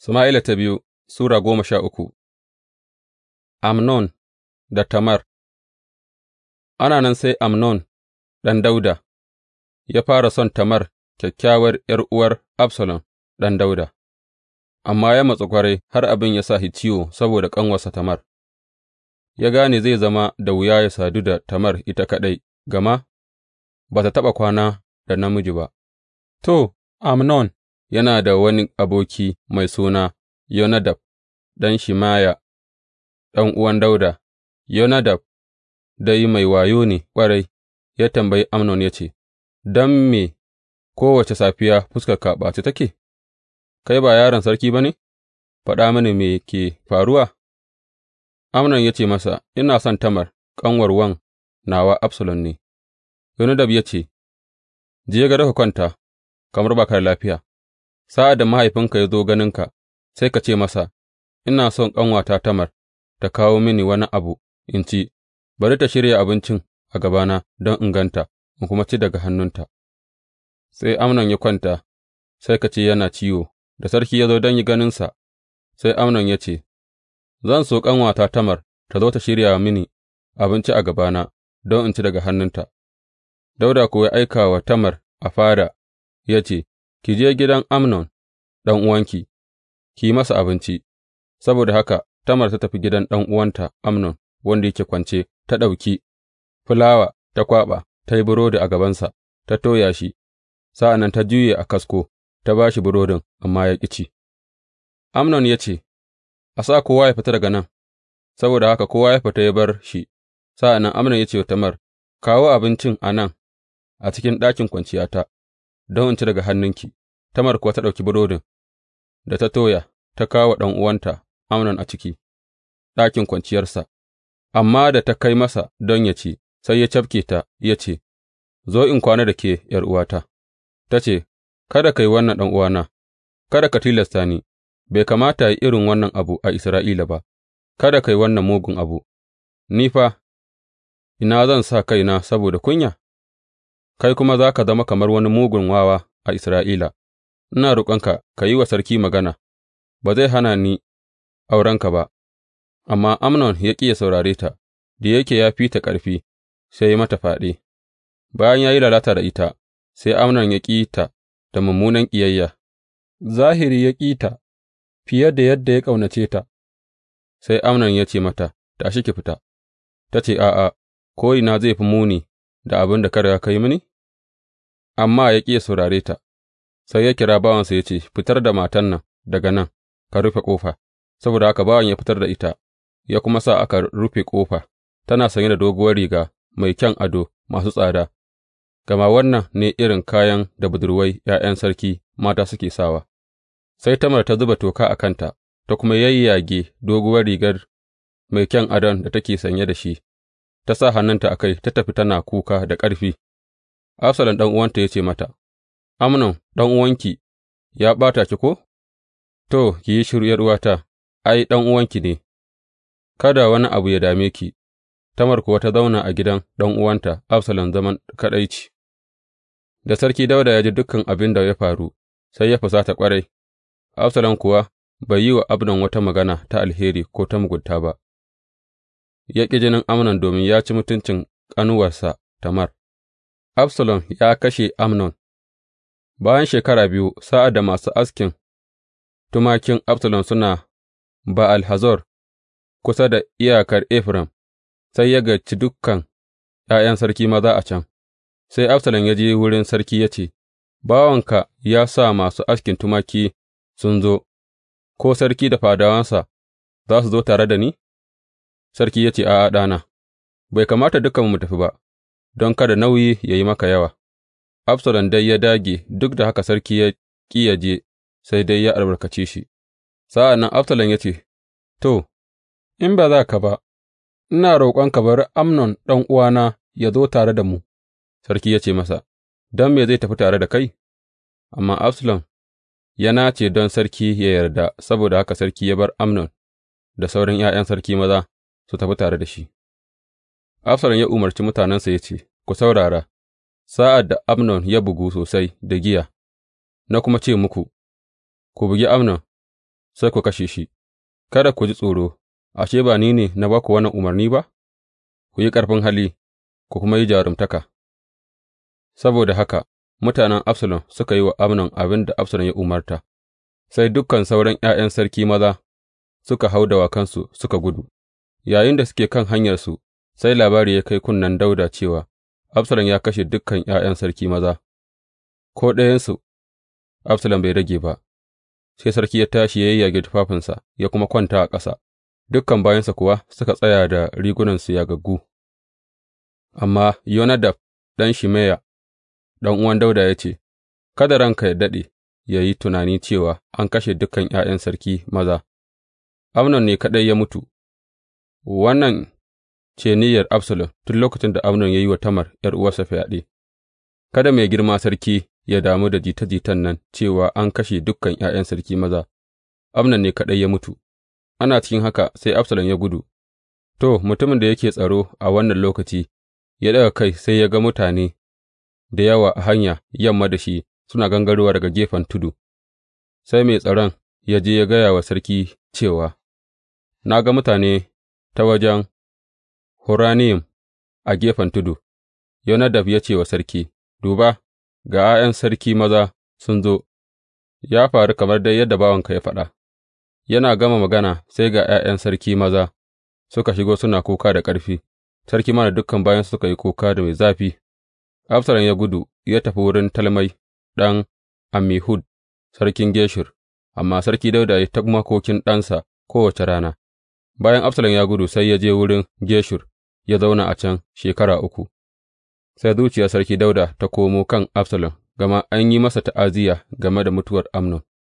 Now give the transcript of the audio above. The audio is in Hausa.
Sama'ila ta biyu Sura goma sha uku Amnon da Tamar Ana nan sai Amnon ɗan Dauda ya fara son Tamar kyakkyawar ’yar'uwar Absalom ɗan Dauda, amma ya matsu kwarai har abin ya sa shi ciwo saboda ƙanwarsa Tamar, ya gane zai zama da wuya ya sadu da Tamar ita kaɗai, gama ba ta taɓa kwana da namiji ba. To, Amnon yana da wani aboki mai suna Yonadab ɗan Shimaya, ɗan'uwan Dauda. Yonadab dai mai wayo ne ƙwarai, ya tambayi Amnon ya ce, Don me kowace safiya fuskarka a ɓace take, kai ba yaron sarki ba ne, faɗa mini me ke faruwa? Amnon ya ce masa, Ina son Tamar, ƙanwar wan nawa Absalom ne, Yonadab ya ce, Je gado ka kwanta, kamar ba ka da lafiya. Sa'ad da mahaifinka ya zo ganinka, sai ka ce masa, Ina son ƙanwata Tamar ta kawo mini wani abu in ci, bari ta shirya abincin a gabana don in ganta, in kuma ci daga hannunta. Sai Amnon ya kwanta, sai ka ce yana ciwo, da sarki ya zo don yi ganinsa, sai Amnon ya ce, Zan so ƙanwata Tamar ta zo ta shirya mini abinci a gabana don in ci daga hannunta. Dauda kuwa ya aika wa Tamar a fada, ya ce, Ki je gidan Amnon ɗan'uwanki, ki yi masa abinci, saboda haka Tamar ta tafi gidan ɗan'uwanta Amnon wanda yake kwance, ta ɗauki fulawa ta kwaɓa, ta yi burodi a gabansa, ta toya shi, sa'an nan ta juye a kasko, ta ba shi burodin, amma ya ƙi ci. Amnon ya ce, A sa kowa ya fita daga nan, saboda haka kowa ya fita ya bar shi, sa'an nan Amnon ya ce wa Tamar, Kawo abincin a nan a cikin ɗakin kwanciyata. don in ci daga hannunki, Tamar kuwa ta ɗauki burodin da ta toya, ta kawo ɗan'uwanta Amnon a ciki, ɗakin kwanciyarsa, amma da ta kai masa don ya ci, sai ya cafke ta ya ce, Zo in kwana da ke ’yar'uwata, ta ce, Kada ka yi wannan ɗan'uwana, kada ka tilasta ni, bai kamata yi irin wannan abu a Isra'ila ba, kada ka yi wannan mugun abu, ni fa, ina zan sa kaina saboda kunya? kai kuma za ka zama kamar wani mugun wawa a Isra'ila, ina roƙonka ka yi wa sarki magana, ba zai hana ni aurenka ba, amma Amnon ya ƙi ya saurare ta, da yake ya fi ta ƙarfi, sai ya mata fyaɗe. Bayan ya yi lalata da ita, sai Amnon ya ƙi ta da mummunan ƙiyayya, zahiri ya ƙi ta fiye da yadda ya ƙaunace ta, sai Amnon ya ce mata, Tashi ki fita, ta ce, A'a, koyina zai fi muni da abin da ka riga ka yi mini? Amma ya ƙi saurare ta, sai ya kira bawansa ya ce, Fitar da matan nan daga nan, ka rufe ƙofa, saboda haka bawan ya fitar da ita, ya kuma sa aka rufe ƙofa, tana sanye da doguwar riga mai kyan ado masu tsada, gama wannan ne irin kayan da budurwai ’ya'yan sarki mata suke sawa. Sai Tamar ta zuba toka a kanta, ta kuma yayyage doguwar rigar mai kyan adon da take sanye da shi, ta sa hannunta a kai ta tafi tana kuka da ƙarfi. Absalom uwanta ya ce mata, Amnon uwanki, ya ɓata ki ko? To, ki yi shiru ’yar'uwata, ai, ɗan uwanki ne, kada wani abu ya dame ki, Tamar kuwa ta zauna a gidan ɗan uwanta Absalom zaman kaɗaici. Da sarki Dauda ya ji dukan abin da ya faru, sai ya fusata ƙwarai, Absalom kuwa bai yi wa Abnon wata magana ta alheri ko ta mugunta ba. ya ƙi jinin Amnon domin ya ci mutuncin ƙanuwarsa Tamar. Absalom ya kashe Amnon Bayan shekara biyu, sa'ad da masu askin tumakin Absalom suna Ba'al Hazor kusa da iyakar Efraim, sai ya gaci dukkan ’ya'yan sarki maza a can, sai Absalom ya je wurin sarki ya ce, Bawanka ya sa masu askin tumaki sun zo, ko sarki da fadawansa za su zo tare da ni? Sarki ya ce, A'a, ɗana, bai kamata dukanmu mu tafi ba, don kada nauyi ya yi maka yawa. Absalom dai ya dage, duk da haka sarki ya ƙi ya sai dai ya albarkace shi. Sa'an nan Absalom ya ce, To, in ba za ka ba, ina roƙonka bari Amnon ɗan ɗan'uwana ya zo tare da mu, sarki ya ce masa, Don me zai tafi tare da kai? Amma Absalom ya nace don sarki ya yarda, saboda haka sarki ya bar Amnon da sauran ’ya'yan sarki maza su tafi tare da shi. Absalom ya umarci mutanensa ya ce, Ku saurara, sa'ad da Amnon ya bugu sosai da giya, na kuma ce muku, Ku bugi Amnon, sai ku kashe shi, kada ku ji tsoro, ashe ba ni ne na ba ku wannan umarni ba? Ku yi ƙarfin hali, ku kuma yi jarumtaka. Saboda haka, mutanen Absalom suka yi wa Amnon abin da Absalom ya umarta, sai dukkan sauran ’ya'yan sarki maza suka hau dawakansu suka gudu. Yayinda suke kan hanyarsu, sai labari ya kai kunnen Dawuda cewa Absalom ya kashe dukan ’ya'yan sarki maza, ko ɗayansu Absalom bai rage ba, sai sarki ya tashi ya yayyage tufafinsa ya kuma kwanta a ƙasa, dukan bayansa kuwa suka tsaya da rigunansu ya gaggu. Amma Yonadab ɗan Shimeya, uwan Dauda ya ce, Kada ranka ya daɗe, ya yi tunani cewa an kashe dukan ’ya'yan sarki maza, Amnon ne kaɗai ya mutu, Wannan ce niyyar Absalom tun lokacin da Amnon ya yi wa Tamar ’yar'uwarsa fyaɗe, kada mai girma sarki ya damu da jita jitan nan cewa an kashe dukan ’ya'yan sarki maza, Amnon ne kaɗai ya mutu, ana cikin haka sai Absalom ya gudu, to, mutumin da yake tsaro a wannan lokaci ya ɗaga kai sai ya ga mutane da yawa a hanya yamma da shi suna gangarowa daga gefen tudu, sai mai tsaron ya je ya gaya wa sarki cewa, Na ga mutane ta wajen Horonayim a gefen tudu, Yonadab ya ce wa sarki, Duba, ga ’ya'yan sarki maza sun zo, ya faru kamar dai yadda bawanka ya faɗa, yana gama magana sai ga ’ya'yan sarki maza suka shigo suna kuka da ƙarfi, sarki mana dukkan bayan suka yi kuka da mai zafi. Absalom ya gudu ya tafi wurin Talmai ɗan Amihud, sarkin Geshur, amma Sarki dauda ya ta makokin ɗansa kowace rana. Bayan Absalom ya gudu, sai ya je wurin Geshur ya zauna a can shekara uku, sai zuciyar Sarki Dawuda ta komo kan Absalom, gama an yi masa ta'aziyya game da mutuwar Amnon.